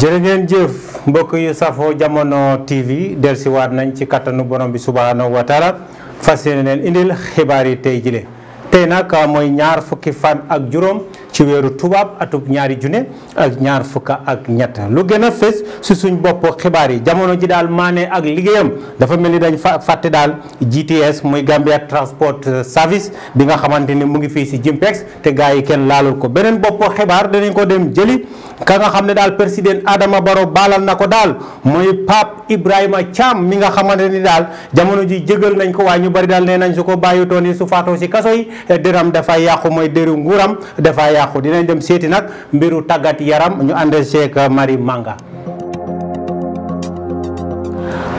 jërë jëf mbokk yu safoo jamono TV dellusiwaat nañ ci kattanu borom bi subhaanahu wa taala fas yéene leen indil xibaar yi tey jile tey nag mooy ñaar fukki fan ak juróom ci weeru tubaab atub ñaari junne ak ñaar fukka ak ñett lu gën a fës si suñ bopp xibaar yi jamono ji daal maane ak liggéeyam dafa mel ni dañ fa fàtte daal GTS muy Gambia Transport Service bi nga xamante ni mu ngi fii si Jimpex te gars yi kenn laalul ko beneen bopp xibaar danañ ko dem jëli ka nga xam ne daal président Adama Barrow baalal na ko daal mooy Pape Ibrahima Thiam mi nga xamante ni daal jamono ji jégal nañ ko waaye ñu bari daal nee nañ su ko bàyyitoon yi su faatoo si kaso yi eh, dëram dafa yàqu mooy dëru nguuram dafa yàqu dinañ dem seeti nag mbiru tàggat yaram ñu ànd seeg Marie mànga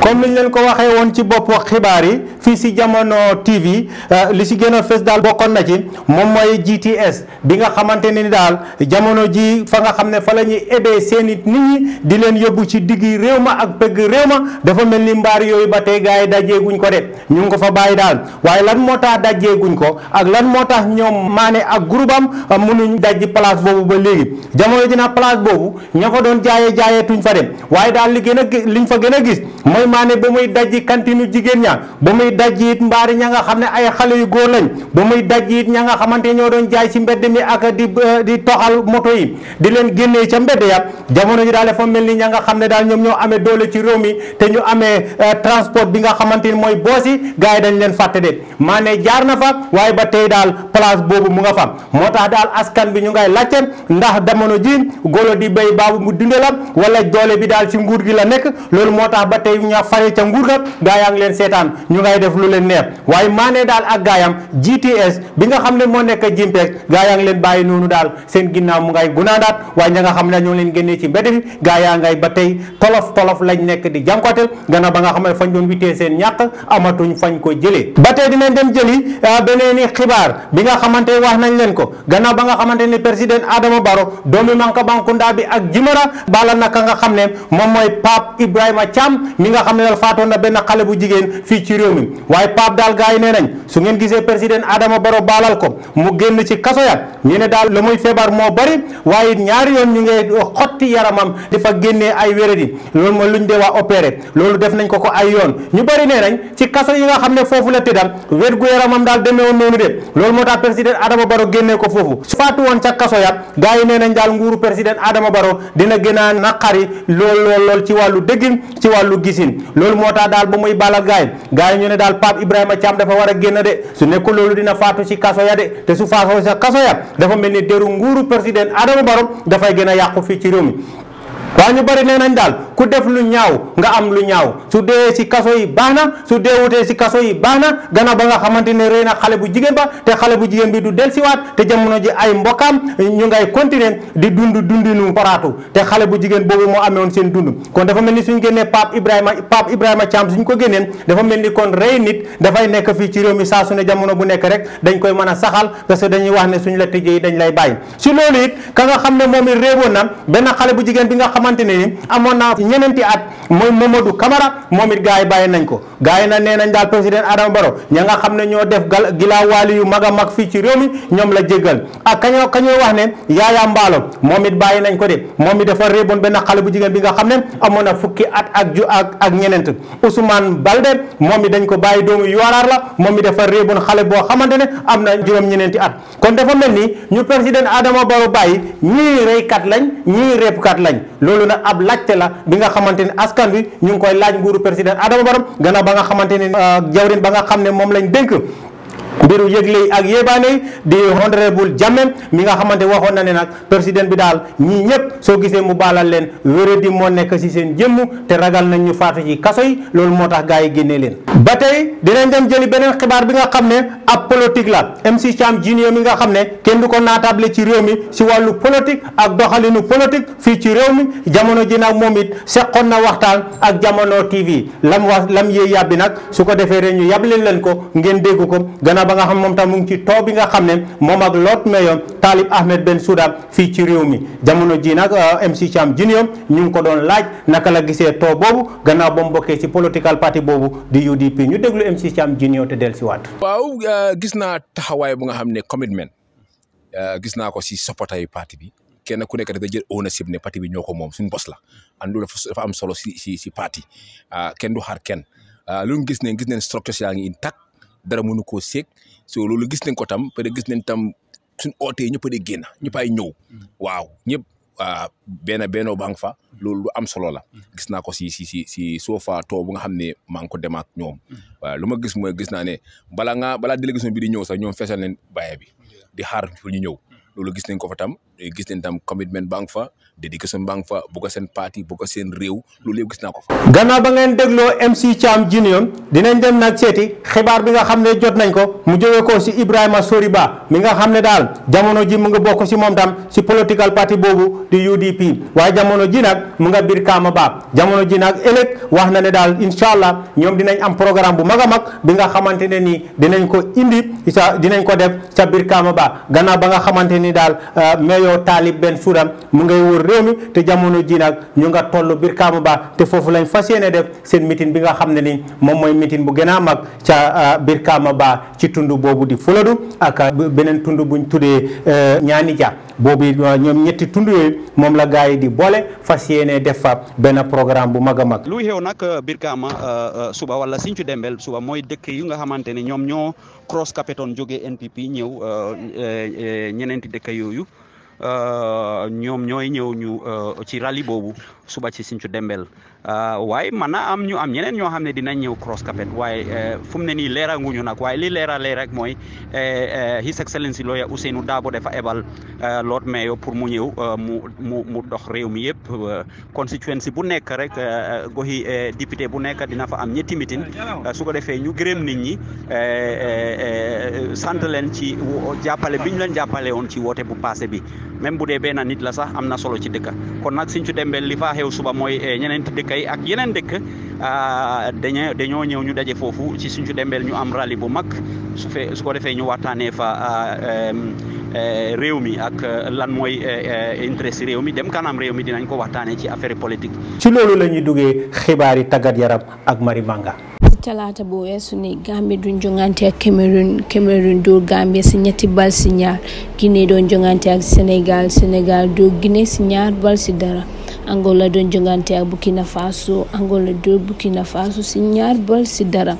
comme niñ leen ko waxee woon ci bopp xibaar yi fii si jamono TV euh, li si gën a fës daal bokkoon na ci moom mooy GTS bi nga xamante ni daal jamono ji fa nga xam ne fa la ñuy ebee seen nit ñi di leen yóbbu ci diggi réew ma ak bëgg réew ma dafa mel ni mbaar yooyu ba tey gars yi guñ ko de ñu ngi ko fa bàyyi daal waaye lan moo tax dajeeguñ ko ak lan moo tax ñoom maane ak groupe am euh, mënuñ dajji place boobu ba léegi jamono ji nag place boobu ña fa doon jaaye jaayee tuñ fa dem waaye daal li gën a liñ fa gën a gis mooy maane ba muy dajji kantinu jigéen ña muy daj it mbaari ña nga xam ne ay xale yu góor lañ ba muy daj it ña nga xamante ñoo doon jaay ci mbedd mi ak di eh, di toxal moto yi di leen génnee ca mbedd ya jamono ji daal dafa mel ni ña nga xam ne daal ñoom ñoo amee doole ci réew eh, bi nga xamante ni mooy boos yi gars yi dañ leen fàtte de maa jaar na fa waaye ba tey daal place boobu mu nga fa moo tax daal askan bi ñu ngay laajte ndax jamono ji golo di béy baabu mu dunde la wala doole bi daal ci nguur gi la nekk loolu moo tax ba tey ña fare ca nguur ga gaa yaa ngi leen seetaan ñu ngay def lu leen neex waaye maanee daal ak gaayam GTS bi nga xam ne moo nekk jimpeeg gaa yaa ngi leen bàyyi noonu daal seen ginnaaw mu ngay gunaandaat waaye ña nga xam ne ñoo leen génnee ci mbedd bi gaa yaa ngay ba tey tolof tolof lañ nekk di jànkooteel gannaaw ba nga xam ne fañ doon witee seen ñàkk amatuñ fañ ko jëlee ba tey dinañ dem jëli ah, beneeni xibaar bi nga xamante wax nañ leen ko gannaaw ba nga xamante ne président Adama Barrow doomi Manka Bankunda bi ak Jimara bala naka nga xam ne moom mooy Pape Ibrahima Cham mi nga xam ne faatoon na benn xale bu jigéen fii ci réew mi waaye Pape daal gars yi nee nañ su ngeen gisee président Adama Barrow baalal ko mu génn ci kaso ya ñu ne daal la muy feebar moo bari waaye ñaari yoon ñu ngay xotti yaramam di fa génnee ay wéradi loolu mooy lu ñu dee waa opéré loolu def nañ ko ko ay yoon ñu bari nee nañ ci kaso yi nga xam ne foofu la tëddal wér gu yaramam daal demeewoon noonu de loolu moo tax président Adama Barrow génnee ko foofu su faatu woon ca kaso ya gars yi nee nañ daal nguuru président Adama Barrow dina gën a naqari lool lool lool ci wàllu dëggin ci wàllu gisin loolu moo tax daal Pape Ibrahima Thiam dafa war a génn de su nekkul loolu dina faatu ci kaso ya de te su faatoo sa kaso ya dafa mel ni deru nguuru président Adama Barrow dafay gën yàqu fii ci réew waaw ñu bari nee nañ daal ku def lu ñaaw nga am lu ñaaw su dee ci kaso yi baax na su deewutee ci kaso yi baax na gannaaw ba nga xamante ne rey na xale bu jigéen ba te xale bu jigéen bi du delsiwaat te jamono ji ay mbokkam ñu ngay continuer di dund dundinu poraatu te xale bu jigéen boobu moo amewoon seen dund kon dafa mel ni suñ génnee Pape Ibrahima Pape Ibrahima Thiam suñ ko génneen dafa mel ni kon rey nit dafay nekk fii ci réew mi saa su ne jamono bu nekk rek dañ koy mën a saxal parce que dañuy wax ne suñ ne moom it réewoon na benn xale bu jigéen xamante ne ni amoon naa ñeneenti at mooy Mamadou Camara moom it gars yi bàyyi nañ ko gaa yi nag nee nañ daal président Adama Barrow ña nga xam ne ñoo def gal gilaawaali yu mag a mag fii ci réew mi ñoom la jéggal ak kañoo kañoo wax ne Yaya Mballo moom it bàyyi nañ ko de moom it dafa réeboon benn xale bu jigéen bi nga xam ne amoon na fukki at ak ju ak ak ñeneent Ousmane Balde moom it dañ ko bàyyi doomu Yooraar la moom it dafa réeboon xale boo xamante ne am na juróom-ñeneenti at kon dafa mel ni ñu président Adama Barrow bàyyi ñii reykat lañ ñii reebkat lañ loolu nag ab lajte la bi nga xamante ne askan bi ñu ngi koy laaj nguuru président Adama Barrow gannaaw ba nga xamante ne euh, jawrin ba nga xam ne moom lañ dénk mbiru yëgle ak yéebaane di honorable Jammeh mi nga xamante waxoon na ne nag président bi daal ñii ñëpp soo gisee mu baalal leen wéradi moo nekk si seen jëmm te ragal nañ ñu faatu ci kaso loolu moo tax gaa yi génnee leen ba tey dinañ dem jëli beneen xibaar bi nga xam ne ab politique la MC Cham Junior mi nga xam ne kenn du ko naatable ci réew mi si wàllu politique ak doxalinu politique fii ci réew mi jamono ji nag moom it seqoon na waxtaan ak jamono TV lam wax lam yee yàbbi nag su ko defee rek ñu yàble ko nga xam moom tam mu ngi ci too bi nga xam ne moom ak Lord Mayor Talib Ahmed Bensouda fii ci réew mi jamono ji nag euh, MC ngi ko doon laaj naka la gisee too boobu gannaaw ba mu bokkee ci political party boobu di UDP ñu déglu MC Cham Junior te dellusiwaat. waaw euh, gis naa taxawaay bu nga xam ne commitment euh, gis naa ko si supporter parti bi kenn ku nekk dafa jël ownership ne parti bi ñoo ko moom suñu bos la and loolu dafa am solo si si si parti ah, kenn du xaar kenn ah, lu ñu gis ne structure yaa ngi intact dara mënu koo seeg so loolu gis nañ ko tam peut gis nañ tam suñ ootee ñëpp a génn ñëpp ay ñëw mm. waaw ñëpp ah, benn bennoo baa fa mm. loolu lu am solo la mm. gis naa ko si si si si sofa too bu nga xam ne maa ngi ko demaat ñoom waaw lu ma gis mooy gis naa ne bala nga balaa délégation bi di ñëw sax ñoom feesal nañ bàyyi bi di xaar ñu ñëw gis nañ ko fa tam gis nañ tam commitment bank fa dedication bank fa bu ko sen parti bu ko sen rew lu yëpp gis nako fa. ganna ba ngeen deglo MC cham Junior dinañ dem nak seti xibar bi nga xamne jot nañ ko mu jowe ko ci Ibrahima soriba mi nga xamne dal jamono ji mu nga bokk si mom tam ci political party bobu di UDP wa jamono ji nak mu nga bir kama Ba jamono ji nak elek wax na ne dal inshallah ñom dinañ am programme bu maga mag bi nga xamantene ni dinañ ko indi dinañ ko def ca bir kama Ba ganna ba nga xamantene ni dal euh, mayo o talib ben fura mu ngay wor rewmi te jamono ji nak ñu nga tollu bir kaamu ba te fofu lañ fasiyene def seen mitin bi nga xamne ni mom moy mitin bu gëna mag ca ah, bir kaama ba ci tundu bobu di fuladu ak ah, benen tundu buñ tuddee eh, ñaani ja bobu ñom ñetti tundu yoy mom la gaay di bolé fasiyene def fa ben programme bu maga mag lu xew nak ah, bir suba wala Sinthiou Dembel suba moy dekk yu nga xamantene ñom cross capeton jógee NPP ñew eh, eh, ñenenti dekk yoyu Euh, ñoom ñooy ñëw ñu euh, ci rallye boobu suba ci Sinthiou Dembel euh, waaye mën na am ñu am ñeneen ñoo xam ne dinañ ñëw Cross Capet waaye fu mu ne nii leeraguñu nag waaye li leera leer rek mooy His Excellency lawyer Ousseynou Dabo dafa ebal Lord Mayor pour mu ñëw mu mu mu dox réew mi yëpp constituency bu nekk rek goxi député bu nekk dina fa am ñetti mitin su ko defee ñu gërëm nit ñi sant leen ci jàppale biñ leen jàppale woon ci woote bu passé bi même bu dee bee na nit la sax am na solo ci dëkk kon nag Sinthiou Dembel li fa xew suba mooy eh, ñeneenti dëkk yi ak yeneen dëkk ah, dañoo dañoo ñëw ñu daje foofu ci Sinthiou Dembel ñu am rali bu mag su su ko defee ñu waxtaanee fa ah, eh, réew mi ak eh, lan mooy intérêt si réew mi dem kanam réew mi dinañ ko waxtaanee ci affaire politique. ci loolu la ñuy duggee xibaari tàggat yaram ak Mari Manga. talata bu weesu ya, ni gambie duñ jongante ak cameroon cameroon do gambie si ñetti bal si ñaar guinée doon jongante ak Senegal sénégal do guinée si ñaar bal si dara angola doon jongante ak burkina faso angola do burkina faso si ñaar bal si dara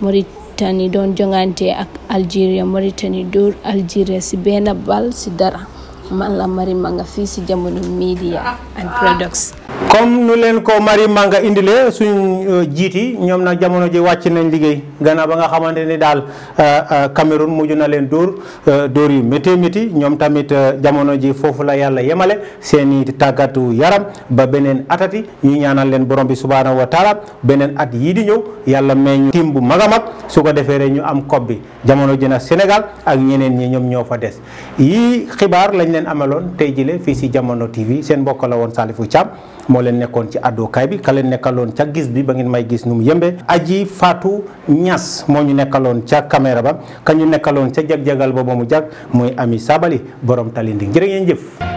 mauritanie doon jongante ak algeria mauritanie do algeria si bena bal si dara man la mari ma nga si jamono media and products comme nu leen ko mari manga indilee suñ euh, jiit yi ñoom nag jamono ji wàcc nañ liggéey gannaaw ba nga xamante ni daal euh, euh, Cameroun mujj na leen dóor dóor yu métti métti ñoom tamit jamono ji foofu la yàlla yemale seen seeni tàggatu yaram ba beneen atati ñu ñaanal leen borom bi subhaanahu wa taala beneen at yii di ñëw yàlla may ñu tim bu mag a mag su ko defee rek ñu am kob bi jamono ji nag Sénégal ak ñeneen ñi ñoom ñoo fa des yii xibaar lañu leen ameloon tey jile fii si jamono TV seen mbokk la woon Salifou Thiam moo leen nekkoon ci àddukaay bi ka leen nekkaloon ca gis bi ba ngeen may gis nu mu yëmbee aji faatu Niass moo ñu nekkaloon ca caméra ba ka ñu nekkaloon ca jag-jagal ba mu jag muy Ami saabali borom Talinding jërë ngeen jëf